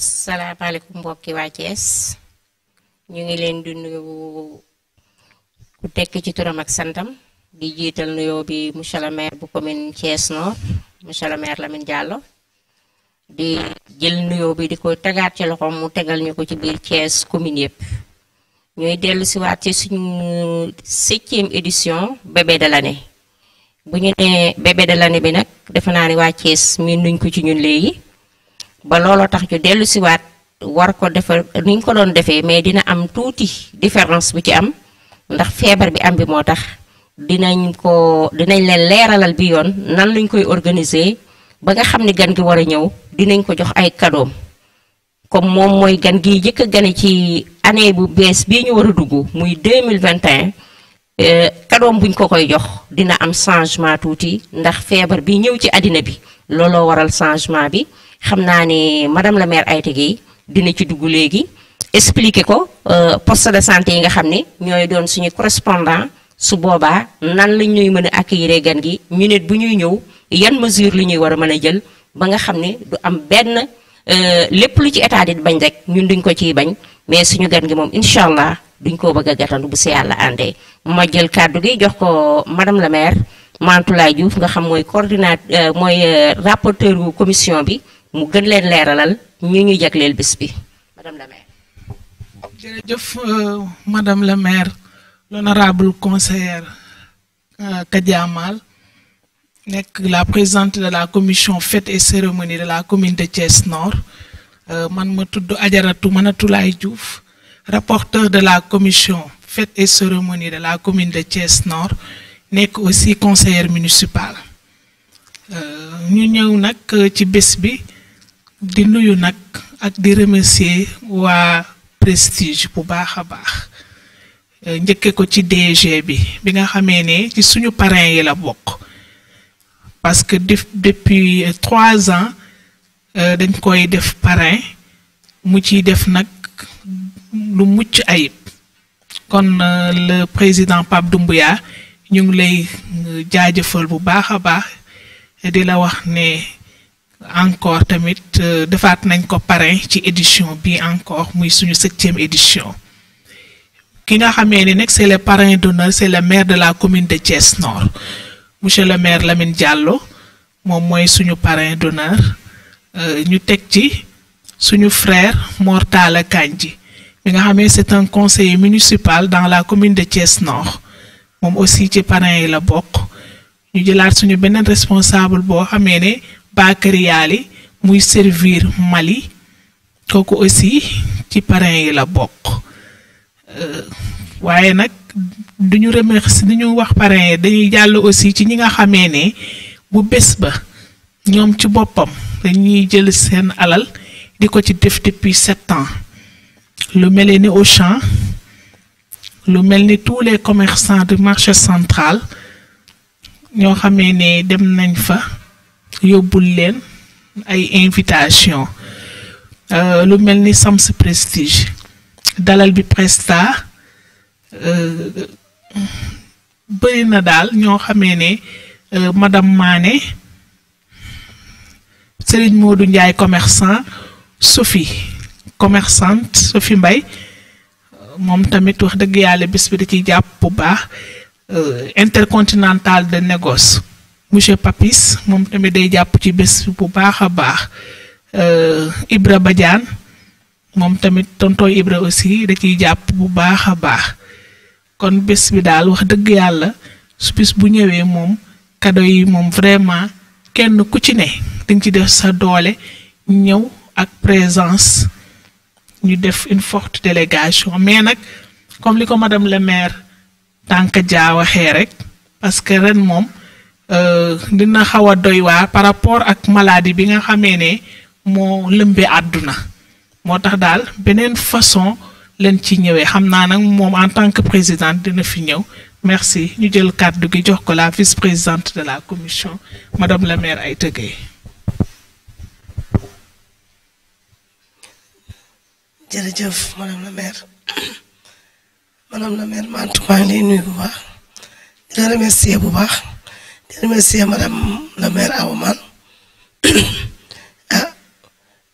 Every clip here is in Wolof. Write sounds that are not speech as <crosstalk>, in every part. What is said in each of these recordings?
asalaamaaleykum mbokki waa Thiès ñu ngi leen di nuyu ku tekk ci turam santam di jiital nuyoo bi monsieur le maire bu commune Thiès Nord monsieur le la Lamine Diallo di jël nuyoo bi di ko tegaat ci loxoom mu tegal ñu ko ci biir Thiès commune yëpp ñooy dellu si ci suñu septième édition bébé de l'année bu ñu nee bébé de l'année bi nag defe naa ni waa Thiès miin nuñ ko ci ñun léegi ba looloo tax ñu dellu siwaat war ko defar ni ñu ko doon defee mais dina am tuuti différence bu ci am ndax feebar bi am bi moo tax dinañ ko dinañ leen leeralal bi yoon nan lañ koy organiser ba nga xam ne gan gi war a ñëw dinañ ko jox ay kadoom comme moom mooy gan gi jëkk a gane ci année bu bees bii ñu war a dugg muy 2021 kadoom euh, buñ ko koy jox dina am changement tuuti ndax feebar bi ñëw ci àddina bi looloo waral changement bi xam naa ni madame la maire Aïda Gueye dina ci dugg léegi expliquer ko euh, poste de santé yi nga xam ni ñooy doon suñu correspondant su boobaa nan lañ ñuy mën a accueillir gan gi minute bu ñuy ñëw yan mesure lu ñuy war a mën a jël ba nga xam ne du am benn euh, lépp lu ci état di bañ rek ñun duñ ko ciy bañ mais suñu gan gi moom incha allah duñ ko bëgg a gàttandu bu si yàlla àndee ma jël kàddu gi jox ko madame la maire Mantoulaye Diouf nga xam mooy coordinateur mooy euh, rapporteur bu bi mu gën leen leeralal ñu ñu jagleel madame la maire. jërëjëf euh, madame la maire l'honorable conseillère euh, Kadia Mal la présidente de la commission fête et cérémonie de la commune de Thiès Nord euh, man ma tudd Ajaratu Manatoulaye Diouf rapporteur de la commission fête et cérémonie de la commune de Thiès Nord nekk aussi conseillère municipale ñu ñëw nag ci bés di nuyu nag ak di remercier wa prestige bu baax a baax eh, njëkke ko ci DG bi bi nga xamé né ci suñu parrain yi la bok parce que depuis eh, trois ans eh, dañ koy def parrain mu ci def nak lu mucc ayib kon le président Pape Doumbouya ñu ngi lay jaajëfal bu baax a baax la wax né encore tamit euh, defaat nañ ko parrain ci édition bi encore muy suñu septième édition ki nga xamee ni nag c'est le parrain d'honneur c'est le maire de la commune de Thiès Nord monsieur le maire Lamine Diallo moom mooy suñu parrain d'honneur euh, ñu teg ci suñu frère Mortala Kandji mi nga xamee c'est un conseiller municipal dans la commune de Thiès Nord moom aussi ci parrain yi la bokk ñu jëlaat suñu beneen responsable boo xamee ne Bakary muy servir Mali koko aussi ci parrain la bok. Euh, waaye nag du ñu remercier du wax parrain yi dañuy aussi ci ñi nga xamee bu bés ba ñoom ci boppam dañuy jël seen alal di ko ci def depuis sept ans Le mel au champ, le mel tous les commerçants du marché central ñoo xamee ne dem nañ fa ay invitation euh, lu nous Prestige dalal bi Presta euh, na euh, madame Mané Serigne Modou commerçant Sophie commerçante Sophie Mbaye tamit wax bis bi intercontinental de négoce monsieur Papis moom tamit day jàpp ci bés bu baax a baax euh, Ibra Badiane moom tamit tontooy Ibra aussi da ciy jàpp bu baax a baax kon bés bi daal wax dëgg yàlla su bis bu ñëwee moom kado yi moom vraiment kenn ku ci ne dañ ci def sa doole ñëw ak présence ñu def une forte délégation mais nag comme li ko madame le maire tànk jaa waxee rek parce que ren moom. Euh, dina xawa doy waar par rapport ak maladie bi nga xamé né mo lëmbee aduna motax dal benen façon len ci ñëwé xamna nak mom en tant que présidente dina fi ñëw merci ñu jël kàddu gi jox ko la vice-présidente de la commission madame la maire ay Gueye. jërëjëf madame la maire madame la maire Mantou maa ngi lay nuyu bu baax di remercier bu baax. remercier madame la maire Awa <coughs> ah,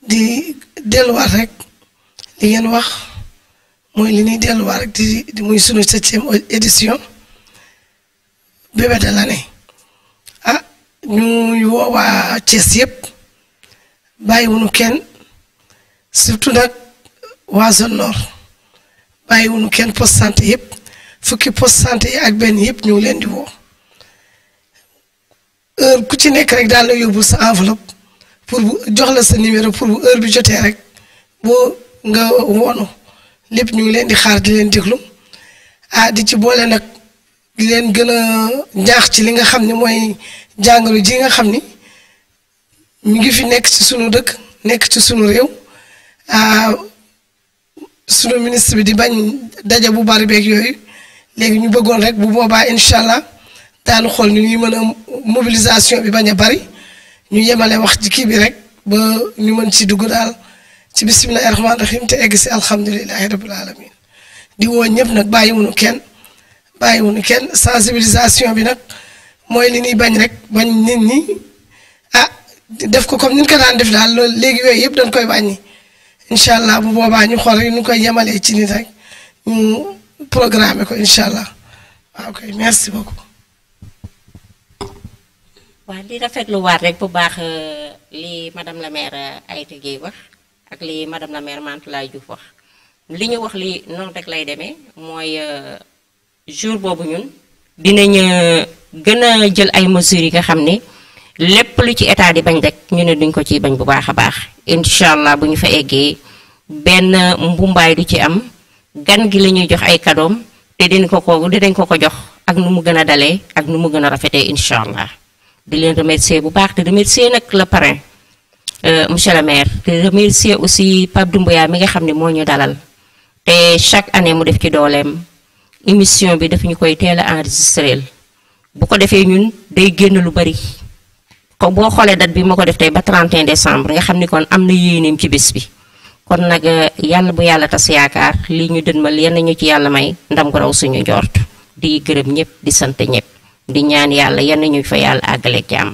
di delluwaat rek li ngeen wax mooy li ñuy delluwaat di di muy sunu septième édition bébé de l'année ah ñu woo waa Thiès yëpp bàyyiwuñu kenn surtout nag waa zone nord bàyyiwuñu kenn poste santé yëpp fukki poste santé yi ak benn yëpp ñu leen di woo. heure ku ci nekk rek daan la yóbbu sa enveloppe pour bu jox la sa numéro pour bu heure bi jotee rek boo nga wono lépp ñu ngi leen di xaar di leen déglu ah di ci boole nag di leen gën a ñaax ci li nga xam ne mooy jàngoro ji nga xam ni mu ngi fi nekk ci sunu dëkk nekk ci sunu réew ah sunu ministre bi di bañ daje bu bari beeg yooyu léegi ñu bëggoon rek bu boobaa incha allah. daanu xool ni ñuy mën a mobilisation bi bañ a bari ñu yemale wax ci kii bi rek ba ñu mën ci dugg daal ci bisimilah rahmaani rahim te egg si alhamdulilahi rabil alamin di woo ñëpp nag bàyyiwuñu kenn bàyyiwuñu kenn sensibilisation bi nag mooy li ñuy bañ rek bañ nit ñi ah def ko comme ni ñu ko daan def daal loolu léegi yooyu yëpp dañ koy wàññi incha allah bu boobaa ñu xool rek ñu koy yemalee ci nit rek ñu programmer ko incha allah waaw kay merci beaucoup. waaw rafet lu waat rek bu baax euh, li madam la maire euh, Aïda Gueye wax ak li madam la maire Mantoulaye Diouf wax li ñu wax li noonu rek lay demee mooy euh, jour boobu ñun dinañ gën a jël ay mesures yi nga xam ni lépp lu ci état di bañ rek ñu ne duñ ko ciy bañ bu baax a baax incha allah bu ñu fa eggee benn mbumbaay du ci am gan gi la ñuy jox ay kadoom te dinañ ko ko dinañ ko ko jox ak nu mu gën a dalee ak nu mu gën a rafetee incha allah. di leen remercier bu baax di remercier nak le parrain euh, monsieur le maire di remercier aussi pap dumbuya mi nga xamni mo ñu dalal te chaque année mu def ci dolem émission bi daf ñukoy koy enregistrer bu ko défé ñun day génn lu bari ko bo xolé dat bi mako def tay ba 31 décembre nga xamni kon amna na ci bës bi kon nak euh, yalla bu yalla tas yaakar li ñu dënmal yenn ñu ci yalla may ndam ko raw suñu jort di gërëm ñëpp di sante ñëpp di ñaan yàlla yenn ñu fa yàlla àggale jàmm